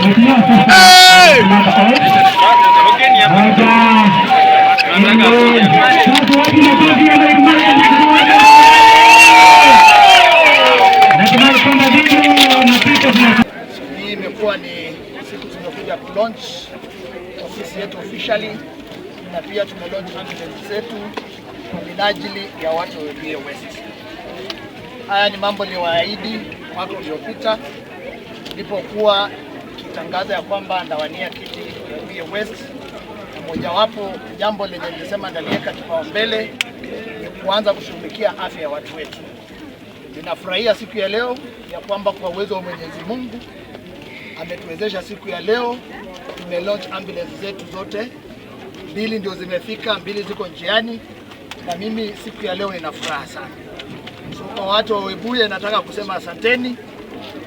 Hii imekuwa ni siku tumekuja kulaunch ofisi yetu officially na pia tumelaunch activities zetu kwa minajili ya watu wa Webuye Haya ni mambo niliwaahidi mwaka uliopita nilipokuwa kutangaza ya kwamba ndawania kiti Webuye West, na mojawapo jambo lenye nilisema ndaliweka kipaumbele ni kuanza kushughulikia afya ya watu wetu. Ninafurahia siku ya leo ya kwamba kwa uwezo wa Mwenyezi Mungu ametuwezesha siku ya leo, tume launch ambulance zetu zote mbili, ndio zimefika, mbili ziko njiani, na mimi siku ya leo nina furaha sana. So kwa watu wa Webuye nataka kusema asanteni,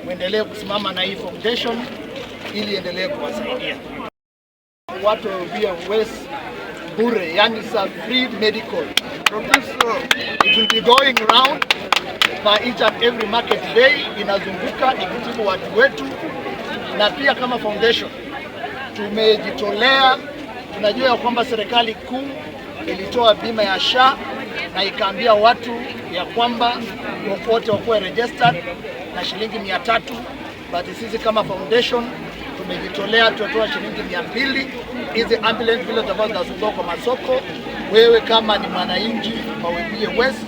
muendelee kusimama na hii foundation ili endelee kuwasaidia watu wa West bure, yani free medical programs. So it will be going round by each and every market day, inazunguka ikitibu watu wetu, na pia kama foundation tumejitolea. Tunajua ya kwamba serikali kuu ilitoa bima ya SHA na ikaambia watu ya kwamba wote wakuwe registered na shilingi mia tatu, but sisi kama foundation tumejitolea, tutatoa shilingi mia mbili hizi ambulance vile zitakuwa zinazunguka kwa masoko. Wewe kama ni mwananchi wa Webuye West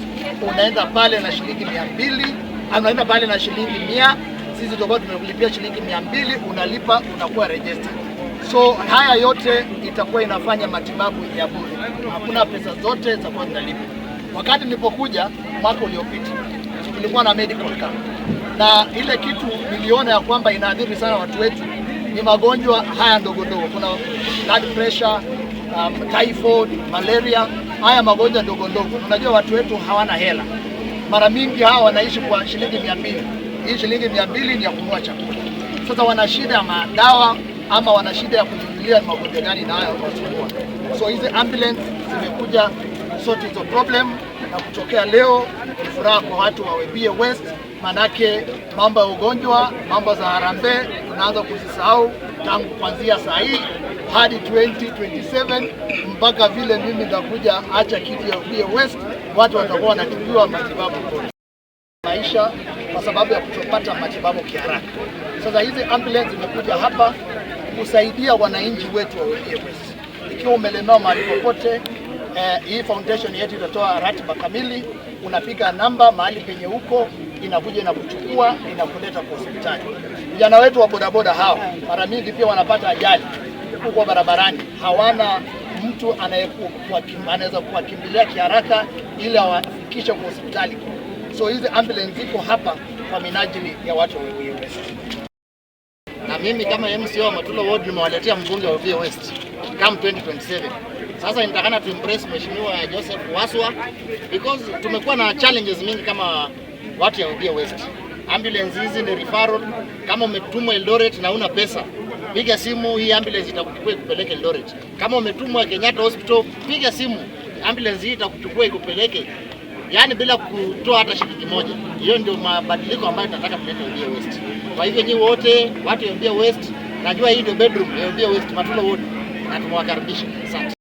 unaenda pale na shilingi mia mbili unaenda pale na shilingi mia sisi tutakuwa tumekulipia shilingi mia mbili unalipa unakuwa registered. So haya yote itakuwa inafanya matibabu ya bure, hakuna pesa zote zitakuwa zinalipa. Wakati nilipokuja mwaka uliopita kulikuwa na medical camp, na ile kitu niliona ya kwamba inaadhiri sana watu wetu ni magonjwa haya ndogo ndogo, kuna blood pressure, um, typhoid, malaria, haya magonjwa ndogo ndogo. Unajua watu wetu hawana hela, mara mingi hawa wanaishi kwa shilingi mia mbili. Hii shilingi mia mbili ni ya kununua chakula. Sasa wana shida ya madawa ama wana shida ya kujugulia magonjwa gani inayowasumbua. So hizi ambulance zimekuja sort hizo problem na kutokea leo ni furaha kwa watu wa Webuye West, manake mambo ya ugonjwa, mambo za harambee tunaanza kuzisahau tangu kuanzia saa hii hadi 2027 mpaka vile mimi nitakuja acha kiti ya Webuye West, watu watakuwa wanatibiwa matibabu maisha kwa sababu ya kutopata matibabu kiharaka. Sasa hizi ambulance zimekuja hapa kusaidia wananchi wetu wa Webuye West. Ikiwa umelemewa mahali popote eh, hii foundation yetu itatoa ratiba kamili, unapiga namba mahali penye huko inakuja inakuchukua inakuleta kwa hospitali. Vijana wetu wa bodaboda hawa mara nyingi pia wanapata ajali huko barabarani, hawana mtu anaweza kuwakimbilia kiharaka ili awafikishe kwa hospitali. So hizi ambulance ziko hapa kwa minajili ya watu wa Webuye West, na mimi kama MCO wa Matulo Ward nimewaletea mbunge wa Webuye West come 2027 sasa tu impress Mheshimiwa Joseph Waswa because tumekuwa na challenges mingi kama watu yaudie West. Ambulance hizi ni referral. Kama umetumwa Eldoret na una pesa, piga simu, hii ambulance itakuchukua ikupeleke Eldoret. Kama umetumwa Kenyatta Hospital, piga simu, ambulance hii itakuchukua ikupeleke yaani bila kutoa hata shilingi moja. Hiyo ndio mabadiliko ambayo tunataka kuleta Eldoret West. Kwa hivyo nyinyi wote watu wa West, najua hii ndio bedroom ya West Matulo Ward, na tumewakaribisha. Asante.